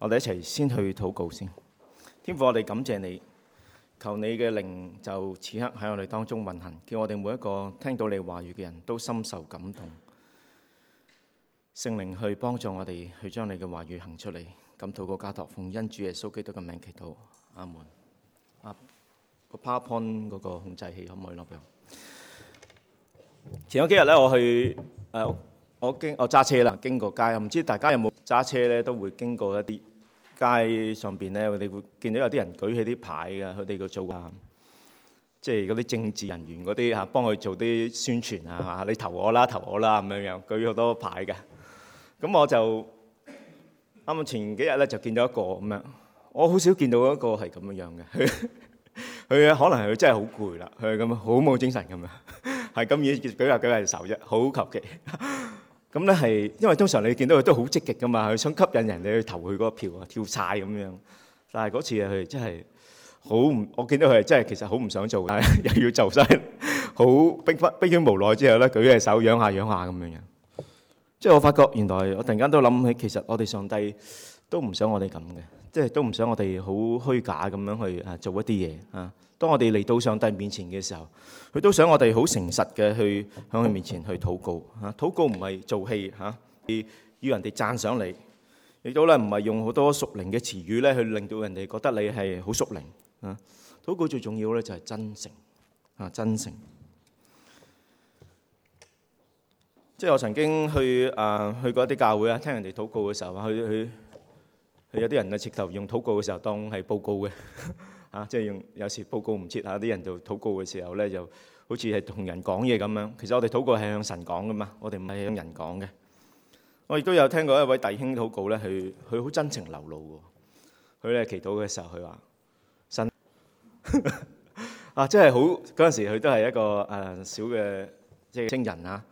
我哋一齊先去禱告先，天父，我哋感謝你，求你嘅靈就此刻喺我哋當中運行，叫我哋每一個聽到你話語嘅人都深受感動，聖靈去幫助我哋去將你嘅話語行出嚟。咁禱告加托奉恩主耶穌基督嘅名祈禱，阿門。阿個 PowerPoint 嗰個控制器可唔可以攞用？前嗰幾日咧，我去誒，我經我揸車啦，經過街，唔知大家有冇揸車咧，都會經過一啲。街上邊咧，我哋會見到有啲人舉起啲牌㗎，佢哋個做啊，即係嗰啲政治人員嗰啲嚇，幫佢做啲宣傳啊嚇，你投我啦，投我啦咁樣樣，舉好多牌㗎。咁我就啱啱前幾日咧就見到一個咁樣，我好少見到一個係咁樣樣嘅。佢佢可能係佢真係好攰啦，佢係咁樣好冇精神咁樣，係咁樣舉下舉下隻手啫，好求其。咁咧係，因為通常你見到佢都好積極噶嘛，佢想吸引人哋去投佢嗰個票啊，跳晒咁樣。但係嗰次啊，佢真係好唔，我見到佢係真係其實好唔想做，但又要就晒， 好逼迫，逼迫無奈之後咧，舉隻手，仰下仰下咁樣。即係我發覺原來我突然間都諗起，其實我哋上帝都唔想我哋咁嘅。即係都唔想我哋好虛假咁樣去啊做一啲嘢啊！當我哋嚟到上帝面前嘅時候，佢都想我哋好誠實嘅去向佢面前去禱告啊！禱告唔係做戲嚇、啊，要人哋讚賞你，亦都咧唔係用好多屬靈嘅詞語咧去令到人哋覺得你係好屬靈啊！禱告最重要咧就係真誠啊！真誠、啊。即係我曾經去啊去過一啲教會啊，聽人哋禱告嘅時候話去去。去佢有啲人啊，直頭用禱告嘅時候當係報告嘅，啊，即係用，有時報告唔切，下、啊、啲人就禱告嘅時候咧，就好似係同人講嘢咁樣。其實我哋禱告係向神講噶嘛，我哋唔係向人講嘅。我亦都有聽過一位弟兄禱告咧，佢佢好真情流露嘅。佢咧祈禱嘅時候，佢話神啊，即係好嗰陣時，佢都係一個誒小嘅即係青人啊，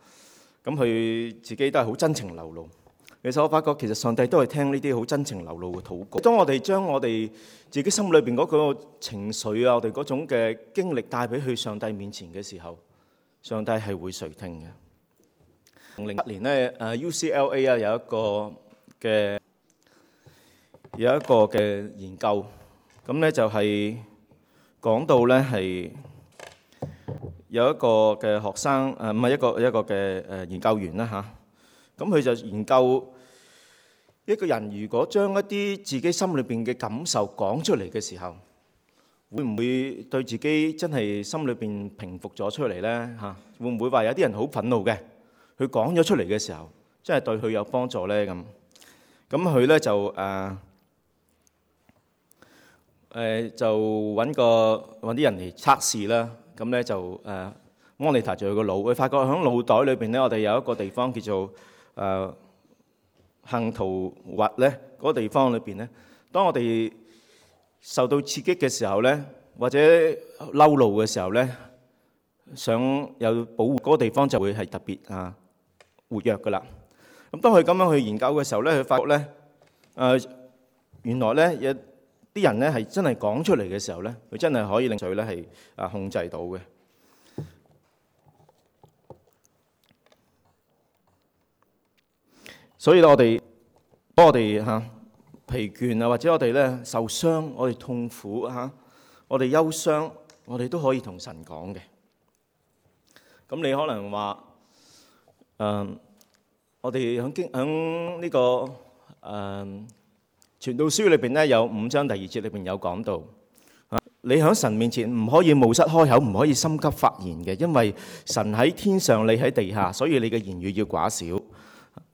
咁佢自己都係好真情流露。 其實我發覺，其實上帝都係聽呢啲好真情流露嘅禱告。當我哋將我哋自己心裏邊嗰個情緒啊，我哋嗰種嘅經歷帶俾去上帝面前嘅時候，上帝係會垂聽嘅。零八年咧，誒 UCLA 啊有一個嘅有一個嘅研究，咁咧就係講到咧係有一個嘅學生，誒唔係一個一個嘅誒研究員啦嚇。咁佢就研究一個人，如果將一啲自己心裏邊嘅感受講出嚟嘅時候，會唔會對自己真係心裏邊平復咗出嚟咧？嚇，會唔會話有啲人好憤怒嘅，佢講咗出嚟嘅時候，真係對佢有幫助咧？咁，咁佢咧就誒誒就揾個揾啲人嚟測試啦。咁咧就誒 monitor 住佢個腦，佢發覺喺腦袋裏邊咧，我哋有一個地方叫做。誒，恆圖核咧嗰個地方裏邊咧，當我哋受到刺激嘅時候咧，或者嬲怒嘅時候咧，想有保護嗰個地方就會係特別啊活躍噶啦。咁當佢咁樣去研究嘅時候咧，佢發覺咧誒原來咧有啲人咧係真係講出嚟嘅時候咧，佢真係可以令佢咧係啊控制到嘅。所以咧，我哋幫我哋嚇、啊、疲倦啊，或者我哋咧受傷，我哋痛苦嚇、啊，我哋憂傷，我哋都可以同神講嘅。咁你可能話誒、啊，我哋喺經喺呢個誒、啊、傳道書裏邊咧，有五章第二節裏邊有講到，啊、你喺神面前唔可以冒失開口，唔可以心急發言嘅，因為神喺天上，你喺地下，所以你嘅言語要寡少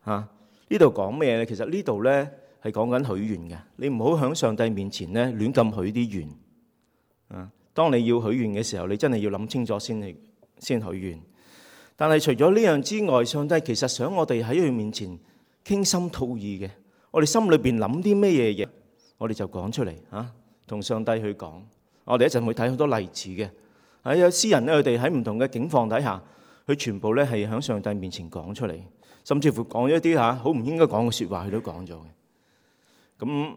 嚇。啊。呢度講咩咧？其實呢度咧係講緊許願嘅，你唔好喺上帝面前咧亂咁許啲願。啊，當你要許願嘅時候，你真係要諗清楚先去先許願。但係除咗呢樣之外，上帝其實想我哋喺佢面前傾心吐意嘅，我哋心裏邊諗啲咩嘢嘢，我哋就講出嚟嚇，同、啊、上帝去講。我哋一陣會睇好多例子嘅，係、啊、有詩人咧，佢哋喺唔同嘅境況底下。佢全部咧係喺上帝面前講出嚟，甚至乎講咗一啲嚇好唔應該講嘅説話，佢都講咗嘅。咁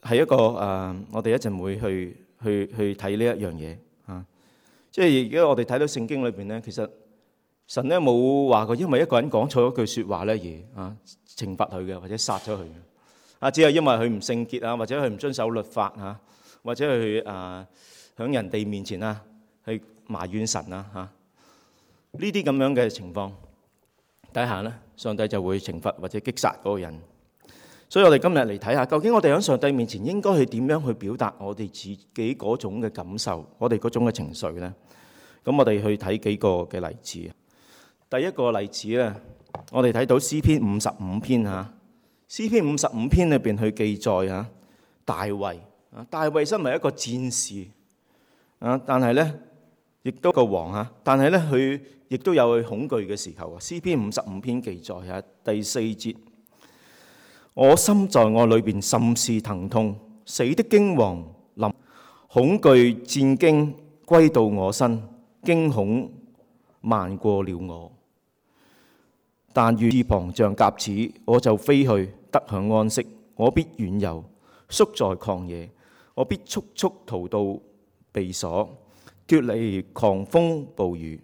係一個誒、呃，我哋一陣會去去去睇呢一樣嘢嚇。即係而家我哋睇到聖經裏邊咧，其實神咧冇話過因為一個人講錯一句説話咧而嚇、啊、懲罰佢嘅，或者殺咗佢啊，只係因為佢唔聖潔啊，或者佢唔遵守律法嚇，或者佢誒喺人哋面前啊去埋怨神啊嚇。呢啲咁樣嘅情況底下咧，睇下上帝就會懲罰或者擊殺嗰個人。所以我哋今日嚟睇下，究竟我哋喺上帝面前應該去點樣去表達我哋自己嗰種嘅感受，我哋嗰種嘅情緒咧？咁我哋去睇幾個嘅例子。第一個例子咧，我哋睇到詩篇五十五篇嚇。詩篇五十五篇裏邊去記載嚇，大衛啊，大衛身為一個戰士啊，但係咧。亦都個王啊！但係咧，佢亦都有佢恐懼嘅時候啊。詩篇五十五篇記載啊，第四節，我心在我裏邊甚是疼痛，死的驚惶臨，恐懼戰驚歸到我身，驚恐漫過了我。但願翅膀像鴿子，我就飛去得享安息，我必遠遊，宿在曠野，我必速速逃到避所。脫離狂風暴雨，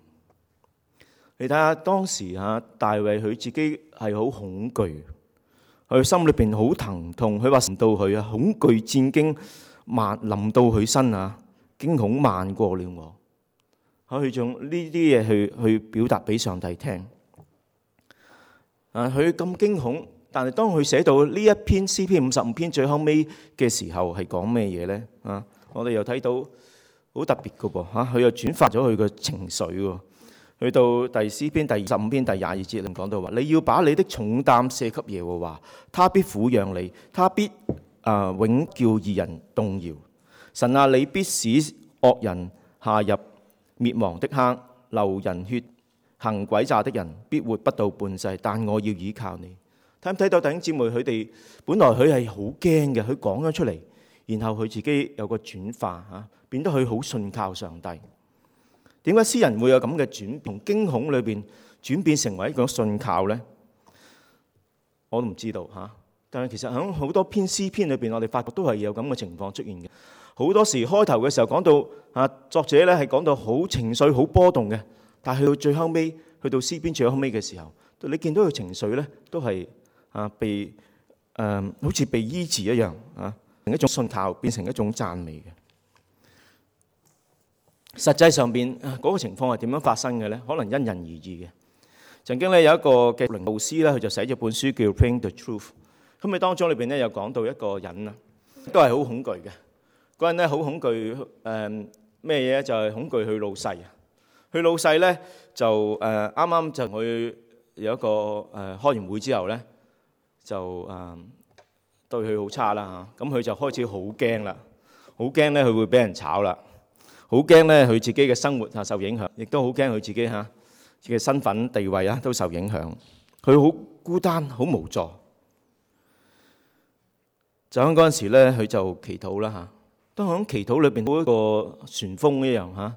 你睇下當時吓大衛佢自己係好恐懼，佢心裏邊好疼痛，佢話到佢啊恐懼戰驚漫臨到佢身啊驚恐漫過了我，佢仲呢啲嘢去去表達俾上帝聽啊佢咁驚恐，但係當佢寫到呢一篇詩篇五十五篇最後尾嘅時候係講咩嘢咧？啊我哋又睇到。好特別噶噃嚇，佢又轉發咗佢個情緒喎。去到第 C 篇第二十五篇第二十二節，佢講到話：你要把你的重擔卸給耶和華，他必撫養你，他必啊永叫義人動搖。神啊，你必使惡人下入滅亡的坑，流人血行詭詐的人必活不到半世。但我要倚靠你。睇唔睇到弟兄姊妹？佢哋本來佢係好驚嘅，佢講咗出嚟。然後佢自己有個轉化嚇，變得佢好信靠上帝。點解詩人會有咁嘅轉，從驚恐裏邊轉變成為一個信靠咧？我都唔知道嚇。但係其實喺好多篇詩篇裏邊，我哋發覺都係有咁嘅情況出現嘅。好多時開頭嘅時候講到啊，作者咧係講到好情緒好波動嘅，但係去到最後尾，去到詩篇最後尾嘅時候，你見到佢情緒咧都係啊被誒好似被醫治一樣啊。一種信靠變成一種讚美嘅，實際上邊嗰個情況係點樣發生嘅咧？可能因人而異嘅。曾經咧有一個嘅靈導師咧，佢就寫咗本書叫《Praying the Truth》。咁佢當中裡邊咧有講到一個人啊，都係好恐懼嘅。嗰人咧好恐懼，誒咩嘢？咧就係恐懼佢老細。佢老細咧就誒，啱啱就佢有一個誒開完會之後咧就誒。對佢好差啦嚇，咁佢就開始好驚啦，好驚咧佢會俾人炒啦，好驚咧佢自己嘅生活啊受影響，亦都好驚佢自己嚇自己身份地位啊都受影響。佢好孤單，好無助。就喺嗰陣時咧，佢就祈禱啦嚇，當喺祈禱裏邊好似個旋風一樣嚇。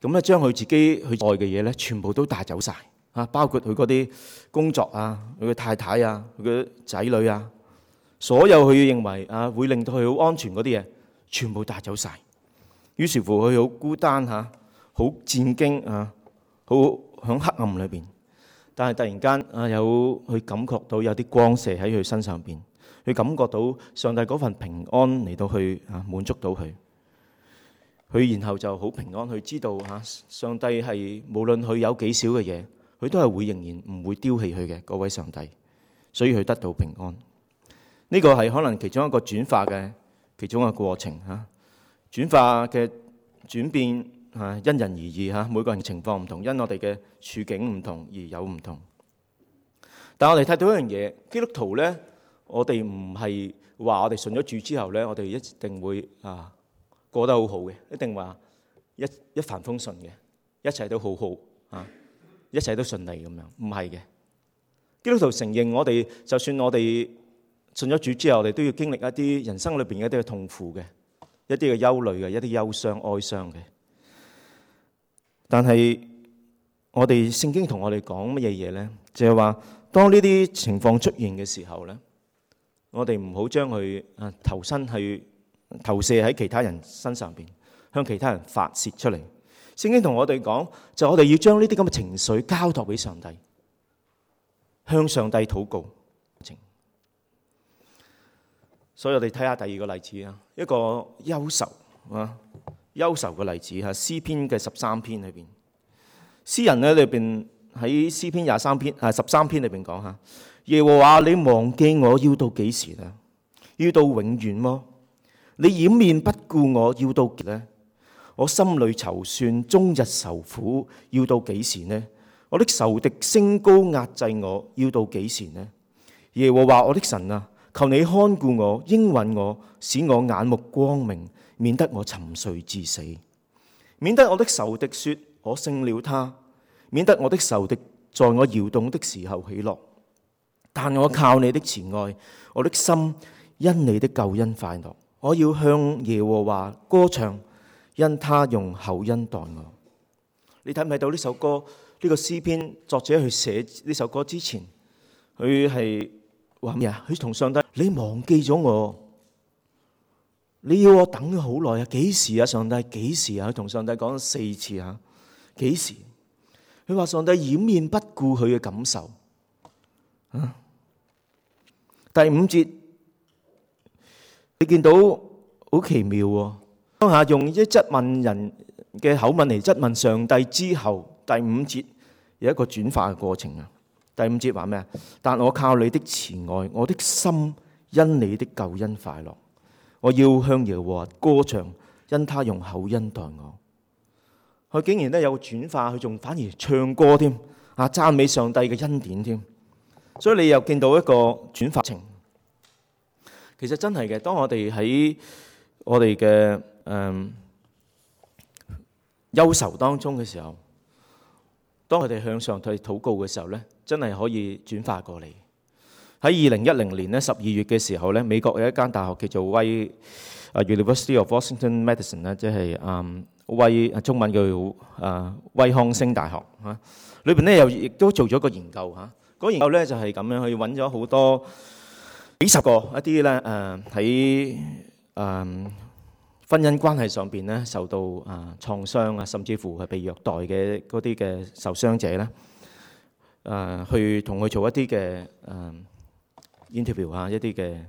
咁咧將佢自己佢愛嘅嘢咧，全部都帶走曬啊，包括佢嗰啲工作啊、佢嘅太太啊、佢嘅仔女啊，所有佢認為啊，會令到佢好安全嗰啲嘢，全部帶走晒，於是乎，佢好孤單吓，好戰驚嚇，好喺黑暗裏邊。但係突然間啊，有佢感覺到有啲光射喺佢身上邊，佢感覺到上帝嗰份平安嚟到去嚇、啊、滿足到佢。佢然後就好平安，佢知道吓上帝係無論佢有幾少嘅嘢，佢都係會仍然唔會丟棄佢嘅。各位上帝，所以佢得到平安。呢個係可能其中一個轉化嘅其中一個過程嚇。轉化嘅轉變嚇、啊，因人而異嚇、啊。每個人情況唔同，因我哋嘅處境唔同而有唔同。但我哋睇到一樣嘢，基督徒咧，我哋唔係話我哋信咗主之後咧，我哋一定會啊過得好好嘅，一定話一一帆風順嘅，一切都好好啊，一切都順利，咁樣唔係嘅。基督徒承認我哋，就算我哋，信咗主之後，我哋都要經歷一啲人生裏邊一啲嘅痛苦嘅，一啲嘅憂慮嘅，一啲憂傷、哀傷嘅。但係我哋聖經同我哋講乜嘢嘢咧？就係、是、話，當呢啲情況出現嘅時候咧，我哋唔好將佢啊投身去投射喺其他人身上邊，向其他人發泄出嚟。聖經同我哋講，就是、我哋要將呢啲咁嘅情緒交託俾上帝，向上帝禱告。所以我哋睇下第二個例子啊，一個憂愁啊，憂愁嘅例子哈，詩篇嘅十三篇裏邊，詩人咧裏邊喺詩篇廿三篇啊十三篇裏邊講吓，耶和華、啊、你忘記我要到幾時呢？要到永遠麼？你掩面不顧我要到幾時呢？我心裏籌算，終日受苦要到幾時呢？我的仇敵升高壓制我要到幾時呢？耶和華、啊、我的神啊！求你看顧我，應允我，使我眼目光明，免得我沉睡至死，免得我的仇敵說我勝了他，免得我的仇敵在我搖動的時候起落。但我靠你的慈愛，我的心因你的救恩快樂。我要向耶和華歌唱，因他用厚恩待我。你睇唔睇到呢首歌？呢、這個詩篇作者去寫呢首歌之前，佢係。話咩啊？佢同上帝，你忘記咗我，你要我等咗好耐啊？幾時啊？上帝，幾時啊？佢同上帝講咗四次啊，幾時？佢話上帝掩面不顧佢嘅感受。嗯，第五節，你見到好奇妙喎。當下用一質問人嘅口吻嚟質問上帝之後，第五節有一個轉化嘅過程啊。第五節話咩啊？但我靠你的慈愛，我的心因你的救恩快樂。我要向耶和華歌唱，因他用厚恩待我。佢竟然咧有個轉化，佢仲反而唱歌添啊，讚美上帝嘅恩典添。所以你又見到一個轉化情。其實真係嘅，當我哋喺我哋嘅誒憂愁當中嘅時候。當佢哋向上去禱告嘅時候咧，真係可以轉化過嚟。喺二零一零年咧十二月嘅時候咧，美國有一間大學叫做威啊 University of Washington Medicine，咧，即係嗯威啊中文叫啊威康星大學嚇。裏邊咧又亦都做咗個研究嚇。嗰研究咧就係咁樣去揾咗好多幾十個一啲咧誒喺誒。婚姻關係上邊咧受到啊創傷啊，甚至乎係被虐待嘅嗰啲嘅受傷者咧，誒去同佢做一啲嘅誒 interview 嚇一啲嘅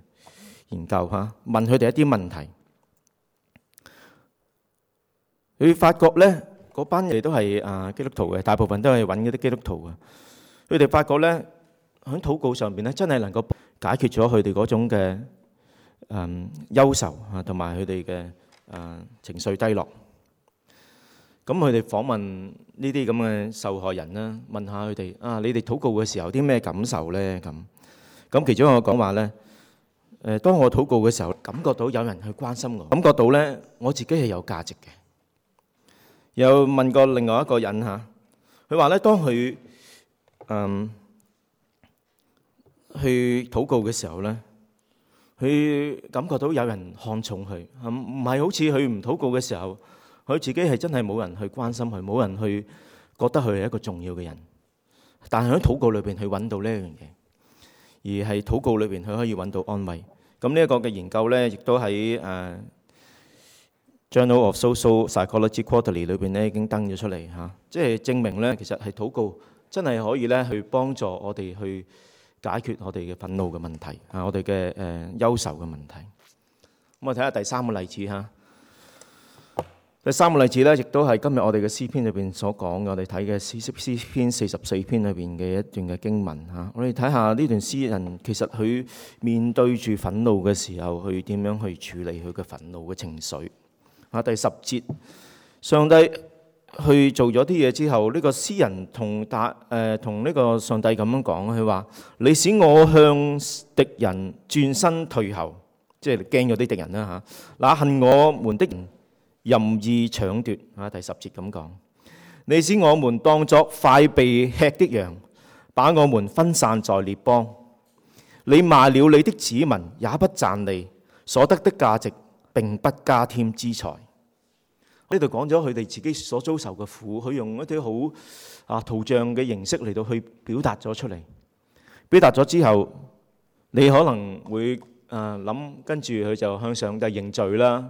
研究嚇，問佢哋一啲問題。佢哋發覺咧，嗰班人哋都係啊基督徒嘅，大部分都係揾嗰啲基督徒啊。佢哋發覺咧，喺禱告上邊咧，真係能夠解決咗佢哋嗰種嘅誒憂愁啊，同埋佢哋嘅。啊、呃，情緒低落。咁佢哋訪問呢啲咁嘅受害人啦，問下佢哋啊，你哋禱告嘅時候有啲咩感受咧？咁咁其中一個我講話咧，誒、呃，當我禱告嘅時候，感覺到有人去關心我，感覺到咧我自己係有價值嘅。又問過另外一個人嚇，佢話咧，當佢嗯、呃、去禱告嘅時候咧。佢感覺到有人看重佢，唔唔係好似佢唔禱告嘅時候，佢自己係真係冇人去關心佢，冇人去覺得佢係一個重要嘅人。但係喺禱告裏邊，佢揾到呢一樣嘢，而喺禱告裏邊，佢可以揾到安慰。咁呢一個嘅研究呢，亦都喺《誒 Journal of Social Psychology Quarterly》裏邊呢已經登咗出嚟嚇，即係證明呢，其實係禱告真係可以呢去幫助我哋去。解決我哋嘅憤怒嘅問題，啊，我哋嘅誒憂愁嘅問題。咁我睇下第三個例子嚇。第三個例子咧，亦都係今日我哋嘅詩篇裏邊所講嘅，我哋睇嘅詩詩篇四十四篇裏邊嘅一段嘅經文嚇。我哋睇下呢段詩人其實佢面對住憤怒嘅時候，佢點樣去處理佢嘅憤怒嘅情緒嚇。第十節，上帝。去做咗啲嘢之後，呢、這個詩人同打誒、呃、同呢個上帝咁樣講，佢話：你使我向敵人轉身退後，即係驚咗啲敵人啦嚇、啊。那恨我們的人任意搶奪嚇，第十節咁講：你使我們當作快被吃的羊，把我們分散在列邦。你賣了你的子民，也不賺利，所得的價值並不加添資財。呢度講咗佢哋自己所遭受嘅苦，佢用一啲好啊圖像嘅形式嚟到去表達咗出嚟。表達咗之後，你可能會啊諗，跟住佢就向上帝就認罪啦。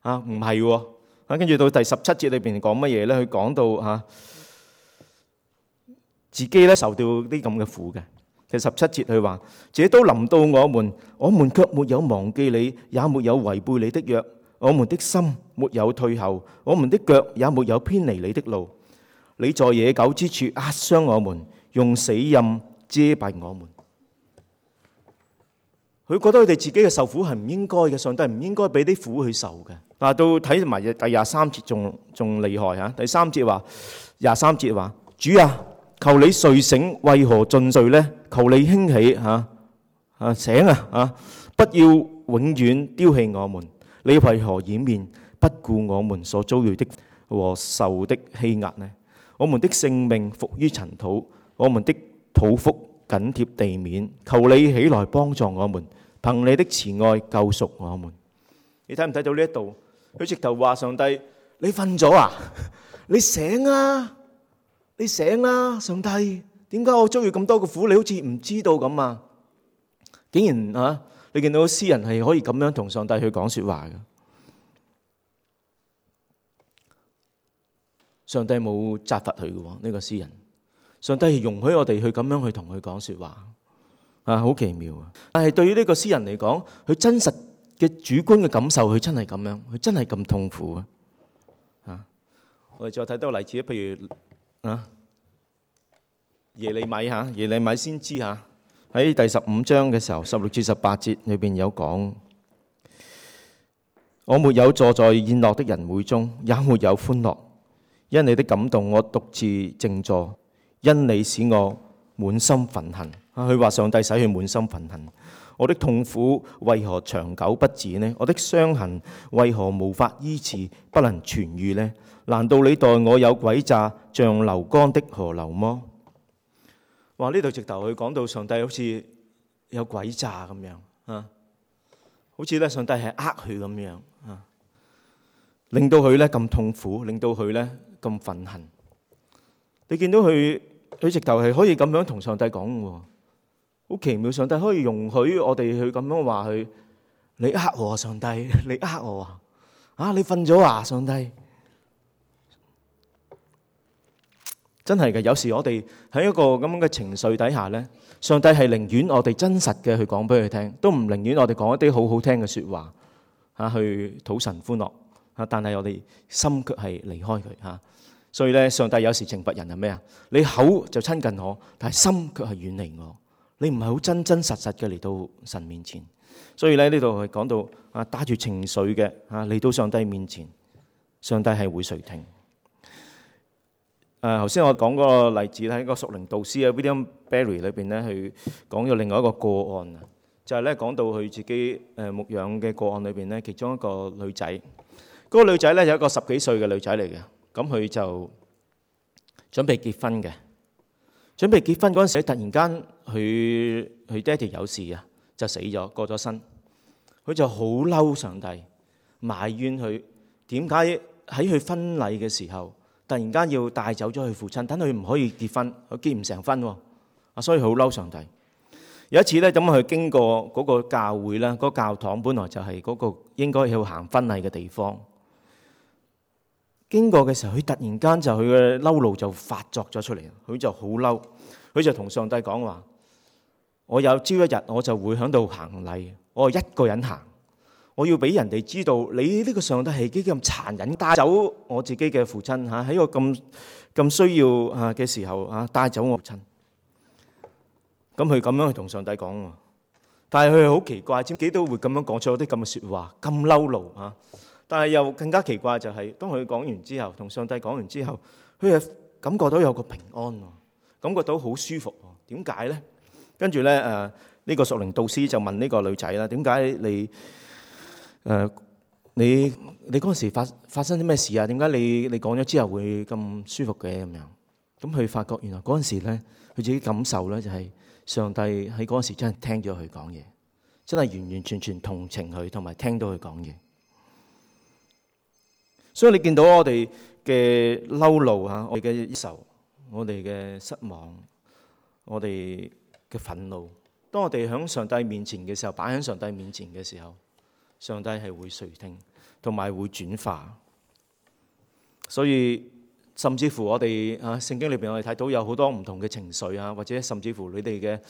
啊，唔係喎，跟住到第十七節裏邊講乜嘢咧？佢講到嚇自己咧受到啲咁嘅苦嘅。第十七節佢話：這都臨到我們，我們卻沒有忘記你，也沒有違背你的約。我們的心沒有退後，我們的腳也沒有偏離你的路。你在野狗之處壓傷我們，用死蔭遮蔽我們。佢覺得佢哋自己嘅受苦係唔應該嘅，上帝係唔應該俾啲苦去受嘅。但，到睇埋第廿三節仲仲厲害吓，第三節話廿三節話：主啊，求你睡醒，為何盡睡呢？求你興起吓啊醒啊啊！不要永遠丟棄我們。你為何掩面不顧我們所遭遇的和受的欺壓呢？我們的性命伏於塵土，我們的肚腹緊貼地面，求你起來幫助我們，憑你的慈愛救贖我們。你睇唔睇到呢一度？佢直頭話：上帝，你瞓咗啊？你醒啊！你醒啊！上帝，點解我遭遇咁多嘅苦？你好似唔知道咁啊！竟然啊！你見到個詩人係可以咁樣同上帝去講說話嘅，上帝冇責罰佢嘅，呢、這個詩人，上帝係容許我哋去咁樣去同佢講說話，啊，好奇妙啊！但係對於呢個詩人嚟講，佢真實嘅主觀嘅感受，佢真係咁樣，佢真係咁痛苦啊！啊，我哋再睇多例子，譬如啊耶，耶利米吓，耶利米先知吓。喺第十五章嘅時候，十六至十八節裏邊有講： 我沒有坐在宴樂的人會中，也沒有歡樂，因你的感動，我獨自靜坐；因你使我滿心憤恨。啊，佢話上帝使佢滿心憤恨。我的痛苦為何長久不止呢？我的傷痕為何無法醫治，不能痊愈呢？難道你待我有詭詐，像流乾的河流麼？話呢度直頭佢講到上帝好似有鬼詐咁樣，啊，好似咧上帝係呃佢咁樣，啊，令到佢咧咁痛苦，令到佢咧咁憤恨。你見到佢，佢直頭係可以咁樣同上帝講嘅，好奇妙！上帝可以容許我哋去咁樣話佢，你呃我啊，上帝，你呃我啊，啊，你瞓咗啊，上帝。真係嘅，有時我哋喺一個咁樣嘅情緒底下呢，上帝係寧願我哋真實嘅去講俾佢聽，都唔寧願我哋講一啲好好聽嘅說話嚇，去討神歡樂嚇，但係我哋心卻係離開佢嚇。所以咧，上帝有時懲罰人係咩啊？你口就親近我，但係心卻係遠離我。你唔係好真真實實嘅嚟到神面前。所以咧，呢度係講到啊，帶住情緒嘅嚇嚟到上帝面前，上帝係會垂聽。誒，頭先、啊、我講個例子喺個《熟靈導師》啊，William Barry 裏邊咧，佢講咗另外一個個案啊，就係咧講到佢自己誒、呃、牧養嘅個案裏邊咧，其中一個女仔，嗰、那個女仔咧有一個十幾歲嘅女仔嚟嘅，咁佢就準備結婚嘅，準備結婚嗰陣時，突然間佢佢爹哋有事啊，就死咗過咗身，佢就好嬲上帝，埋怨佢點解喺佢婚禮嘅時候。突然間要帶走咗佢父親，等佢唔可以結婚，佢結唔成婚喎，啊，所以佢好嬲上帝。有一次咧，咁佢經過嗰個教會啦，嗰教堂本來就係嗰個應該要行婚禮嘅地方。經過嘅時候，佢突然間就佢嘅嬲怒就發作咗出嚟，佢就好嬲，佢就同上帝講話：我有朝一日我就會喺度行禮，我一個人行。我要俾人哋知道，你呢個上帝係幾咁殘忍，帶走我自己嘅父親嚇喺我咁咁需要嚇嘅時候嚇，帶走我父親。咁佢咁樣去同上帝講喎，但係佢好奇怪，自己都會咁樣講出啲咁嘅説話，咁嬲怒嚇。但係又更加奇怪就係，當佢講完之後，同上帝講完之後，佢又感覺到有個平安喎，感覺到好舒服。點解咧？跟住咧，誒呢個屬靈導師就問呢個女仔啦，點解你？誒、呃，你你嗰陣時發發生啲咩事啊？點解你你講咗之後會咁舒服嘅咁樣？咁佢發覺，原來嗰陣時咧，佢自己感受咧就係上帝喺嗰陣時真係聽咗佢講嘢，真係完完全全同情佢，同埋聽到佢講嘢。所以你見到我哋嘅嬲怒吓，我哋嘅愁，我哋嘅失望，我哋嘅憤怒。當我哋響上帝面前嘅時候，擺喺上帝面前嘅時候。上帝係會垂聽，同埋會轉化，所以甚至乎我哋啊，聖經裏邊我哋睇到有好多唔同嘅情緒啊，或者甚至乎你哋嘅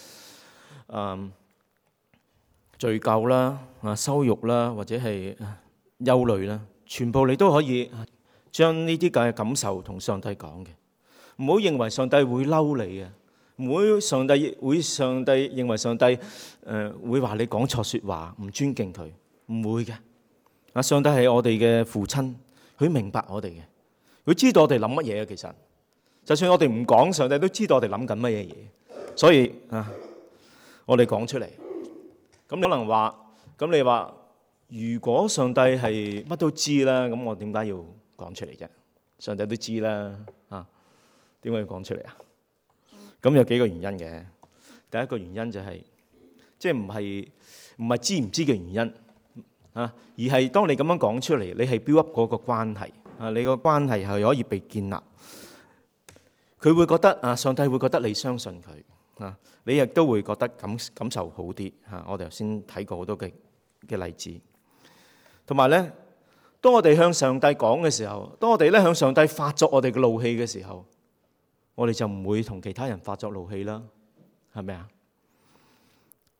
啊罪疚啦、啊、啊羞辱啦，或者係、啊、憂慮啦、啊，全部你都可以將呢啲咁嘅感受同上帝講嘅。唔好認為上帝會嬲你嘅，唔好上帝會上帝認為上帝誒、呃、會話你講錯説話，唔尊敬佢。唔會嘅，阿上帝係我哋嘅父親，佢明白我哋嘅，佢知道我哋諗乜嘢啊。其實就算我哋唔講，上帝都知道我哋諗緊乜嘢嘢。所以啊，我哋講出嚟，咁你可能話咁，你話如果上帝係乜都知啦，咁我點解要講出嚟啫？上帝都知啦，啊，點解要講出嚟啊？咁有幾個原因嘅，第一個原因就係即係唔係唔係知唔知嘅原因。啊！而係當你咁樣講出嚟，你係 build up 嗰個關係啊！你個關係係可以被建立，佢會覺得啊，上帝會覺得你相信佢啊！你亦都會覺得感感受好啲啊！我哋頭先睇過好多嘅嘅例子，同埋咧，當我哋向上帝講嘅時候，當我哋咧向上帝發作我哋嘅怒氣嘅時候，我哋就唔會同其他人發作怒氣啦，係咪啊？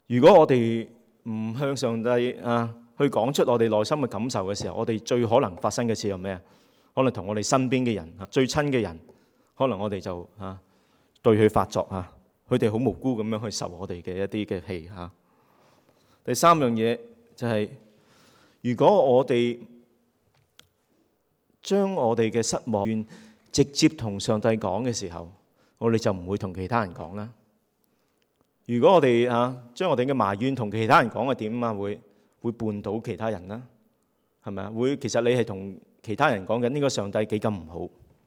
如果我哋唔向上帝啊～去講出我哋內心嘅感受嘅時候，我哋最可能發生嘅事係咩啊？可能同我哋身邊嘅人啊，最親嘅人，可能我哋就嚇對佢發作嚇，佢哋好無辜咁樣去受我哋嘅一啲嘅氣嚇。第三樣嘢就係，如果我哋將我哋嘅失望直接同上帝講嘅時候，我哋就唔會同其他人講啦。如果我哋嚇將我哋嘅埋怨同其他人講係點啊會？會絆倒其他人啦，係咪啊？會，其實你係同其他人講緊呢個上帝幾咁唔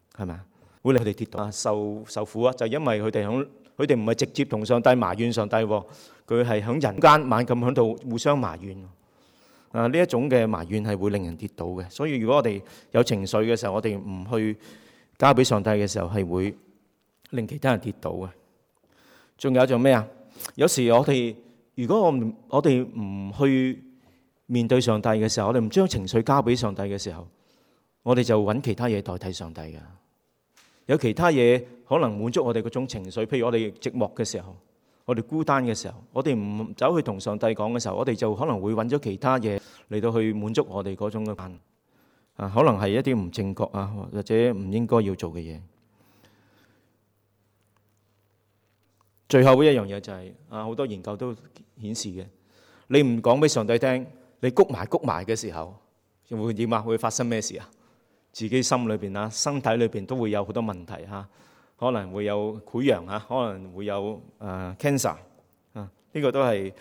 好，係咪啊？會令佢哋跌倒啊，受受苦啊，就因為佢哋響佢哋唔係直接同上帝埋怨上帝，佢係響人間猛咁響度互相埋怨啊！呢一種嘅埋怨係會令人跌倒嘅。所以如果我哋有情緒嘅時候，我哋唔去交俾上帝嘅時候，係會令其他人跌倒嘅。仲有做咩啊？有時我哋如果我我哋唔去。面對上帝嘅時候，我哋唔將情緒交俾上帝嘅時候，我哋就揾其他嘢代替上帝㗎。有其他嘢可能滿足我哋嗰種情緒，譬如我哋寂寞嘅時候，我哋孤單嘅時候，我哋唔走去同上帝講嘅時候，我哋就可能會揾咗其他嘢嚟到去滿足我哋嗰種嘅煩。啊，可能係一啲唔正確啊，或者唔應該要做嘅嘢。最後嗰一樣嘢就係啊，好多研究都顯示嘅，你唔講俾上帝聽。你谷埋谷埋嘅時候，會點啊？會發生咩事啊？自己心裏邊啊，身體裏邊都會有好多問題嚇，可能會有潰瘍啊，可能會有誒 cancer 啊，呢個都係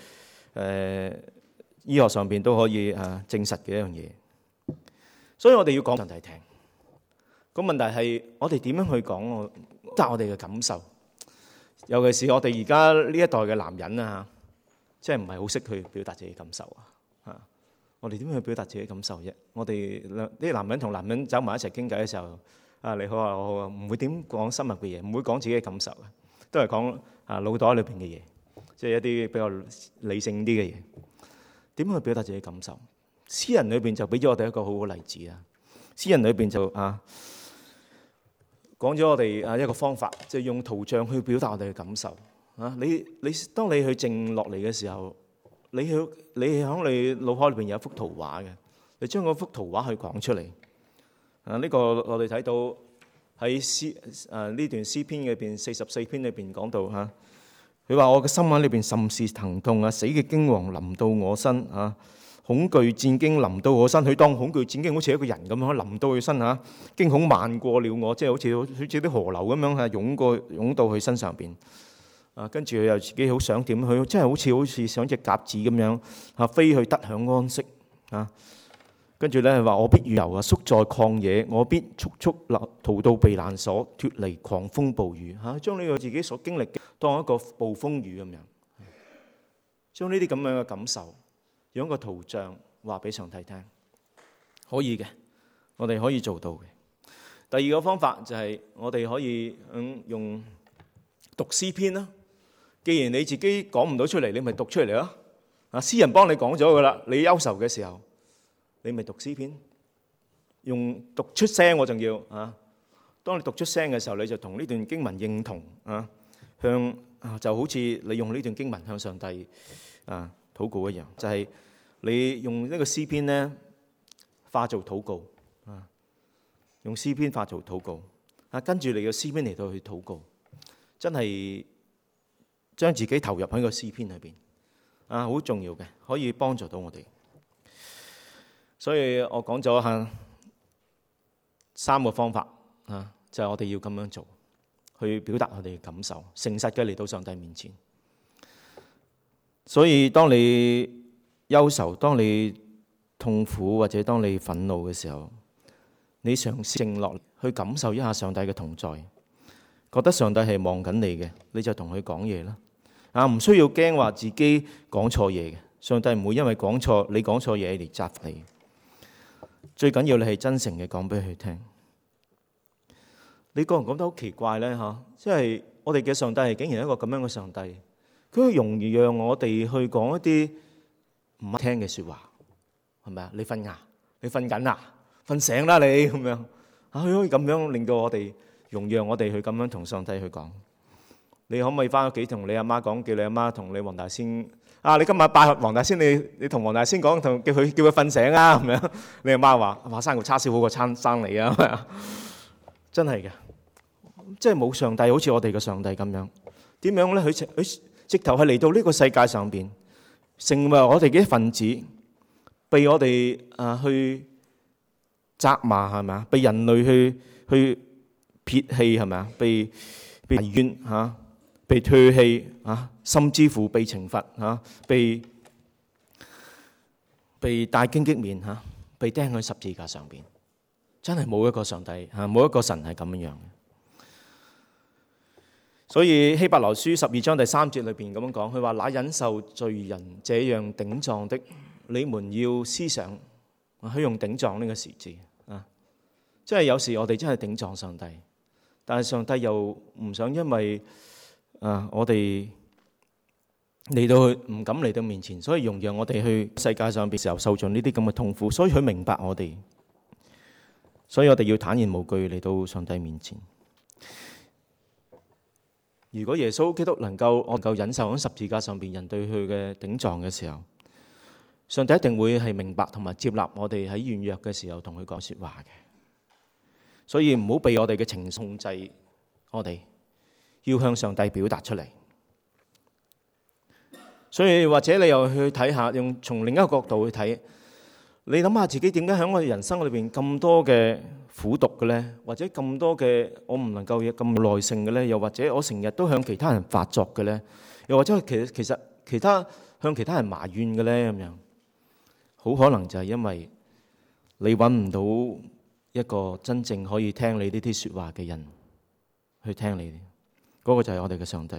誒醫學上邊都可以誒證實嘅一樣嘢。所以我哋要講俾上帝聽。個問題係我哋點樣去講我達我哋嘅感受？尤其是我哋而家呢一代嘅男人啊，即係唔係好識去表達自己感受啊？我哋點去表達自己感受啫？我哋呢啲男人同男人走埋一齊傾偈嘅時候，啊你好啊，我好啊，唔會點講深入嘅嘢，唔會講自己嘅感受啊，都係講啊腦袋裏邊嘅嘢，即係一啲比較理性啲嘅嘢。點去表達自己感受？詩人裏邊就俾咗我哋一個好好例子啊！詩人裏邊就啊，講咗我哋啊一個方法，就係用圖像去表達我哋嘅感受啊！你你當你去靜落嚟嘅時候。你去，你喺你腦海裏邊有一幅圖畫嘅，你將嗰幅圖畫去講出嚟，這個。啊，呢個我哋睇到喺詩，啊呢段詩篇裏邊四十四篇裏邊講到吓，佢、啊、話我嘅心眼裏邊甚是疼痛啊，死嘅驚惶臨到我身啊，恐懼戰兢臨到我身。佢、啊、當恐懼戰兢好似一個人咁樣臨到佢身吓，驚、啊、恐漫過了我，即係好似好似啲河流咁樣啊，湧過湧到佢身上邊。啊，跟住佢又自己好想點？佢真係好似好似想隻鴿子咁樣啊，飛去得享安息啊！跟住咧話：我必遠遊啊，宿在曠野，我必速速逃逃到避難所，脫離狂風暴雨嚇！將呢個自己所經歷嘅當一個暴風雨咁樣，將呢啲咁樣嘅感受，用一個圖像話俾上帝聽，可以嘅，我哋可以做到嘅。第二個方法就係、是、我哋可以、嗯、用讀詩篇啦。既然你自己講唔到出嚟，你咪讀出嚟咯。啊，詩人幫你講咗噶啦，你憂愁嘅時候，你咪讀詩篇，用讀出聲我仲要啊。當你讀出聲嘅時候，你就同呢段經文認同啊，向就好似你用呢段經文向上帝啊禱告一樣，就係你用呢個詩篇咧化做禱告啊，用詩篇化做禱告啊，跟住你嘅詩篇嚟到去禱告，真係。將自己投入喺個詩篇裏邊啊，好重要嘅，可以幫助到我哋。所以我講咗下三個方法啊，就係我哋要咁樣做，去表達我哋嘅感受，誠實嘅嚟到上帝面前。所以當你憂愁、當你痛苦或者當你憤怒嘅時候，你嘗試靜落去感受一下上帝嘅同在，覺得上帝係望緊你嘅，你就同佢講嘢啦。啊，唔需要驚話自己講錯嘢嘅，上帝唔會因為講錯你講錯嘢嚟責你。最緊要你係真誠嘅講俾佢聽。你個人講得好奇怪咧吓、啊，即係我哋嘅上帝竟然一個咁樣嘅上帝，佢會容易讓我哋去講一啲唔聽嘅說話，係咪啊？你瞓呀？你瞓緊啊？瞓醒啦你咁樣，啊佢可以咁樣令到我哋容讓我哋去咁樣同上帝去講。你可唔可以翻屋企同你阿媽講，叫你阿媽同你黃大仙啊？你今日拜合黃大仙，你你同黃大仙講，同叫佢叫佢瞓醒啊？咁樣你阿媽話話生個叉燒好過生生你啊？真係嘅，即係冇上帝，好似我哋嘅上帝咁樣點樣咧？佢直佢直頭係嚟到呢個世界上邊，成為我哋嘅一份子，被我哋啊去責罵係咪啊？被人類去去撇棄係咪啊？被被冤嚇。被唾棄啊，甚至乎被懲罰啊，被被戴荊棘面吓，被釘喺、啊、十字架上邊，真係冇一個上帝吓，冇、啊、一個神係咁樣樣。所以希伯來書十二章第三節裏邊咁樣講，佢話：那忍受罪人這樣頂撞的，你們要思想。佢、啊、用頂撞呢個時字字啊，即係有時我哋真係頂撞上帝，但係上帝又唔想因為。啊！Uh, 我哋嚟到去唔敢嚟到面前，所以容讓我哋去世界上邊時候受盡呢啲咁嘅痛苦，所以佢明白我哋，所以我哋要坦然無懼嚟到上帝面前。如果耶穌基督能夠我能夠忍受喺十字架上面人對佢嘅頂撞嘅時候，上帝一定會係明白同埋接納我哋喺軟弱嘅時候同佢講說話嘅。所以唔好俾我哋嘅情控制我哋。要向上帝表達出嚟，所以或者你又去睇下，用從另一個角度去睇，你諗下自己點解喺我哋人生裏邊咁多嘅苦毒嘅咧，或者咁多嘅我唔能夠有咁耐性嘅咧，又或者我成日都向其他人發作嘅咧，又或者其實其實其他向其他人埋怨嘅咧，咁樣好可能就係因為你揾唔到一個真正可以聽你呢啲説話嘅人去聽你。嗰個就係我哋嘅上帝。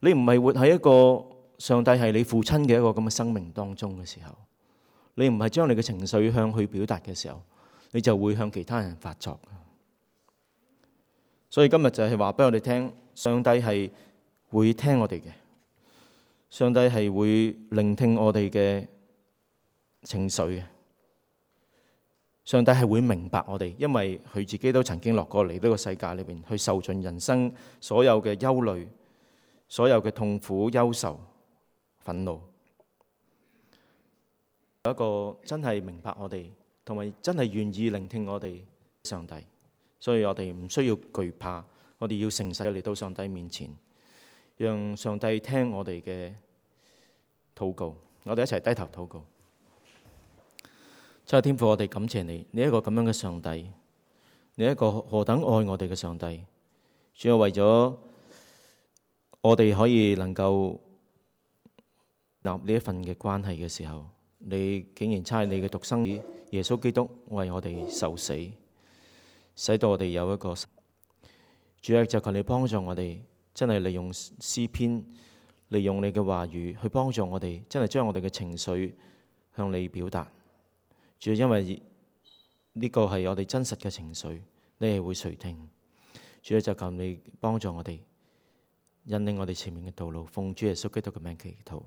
你唔係活喺一個上帝係你父親嘅一個咁嘅生命當中嘅時候，你唔係將你嘅情緒向佢表達嘅時候，你就會向其他人發作。所以今日就係話俾我哋聽，上帝係會聽我哋嘅，上帝係會聆聽我哋嘅情緒嘅。上帝係會明白我哋，因為佢自己都曾經落過嚟呢個世界裏邊，去受盡人生所有嘅憂慮、所有嘅痛苦、憂愁、憤怒，有一個真係明白我哋，同埋真係願意聆聽我哋上帝。所以我哋唔需要懼怕，我哋要誠實地嚟到上帝面前，讓上帝聽我哋嘅禱告。我哋一齊低頭禱告。真係天父，我哋感謝你。你一個咁樣嘅上帝，你一個何等愛我哋嘅上帝，主要為咗我哋可以能夠立呢一份嘅關係嘅時候，你竟然差你嘅獨生子耶穌基督為我哋受死，使到我哋有一個。主要就求你幫助我哋，真係利用詩篇，利用你嘅話語去幫助我哋，真係將我哋嘅情緒向你表達。主要因為呢個係我哋真實嘅情緒，你係會垂聽。主要就求你幫助我哋，引領我哋前面嘅道路，奉主耶穌基督嘅名，祈禱。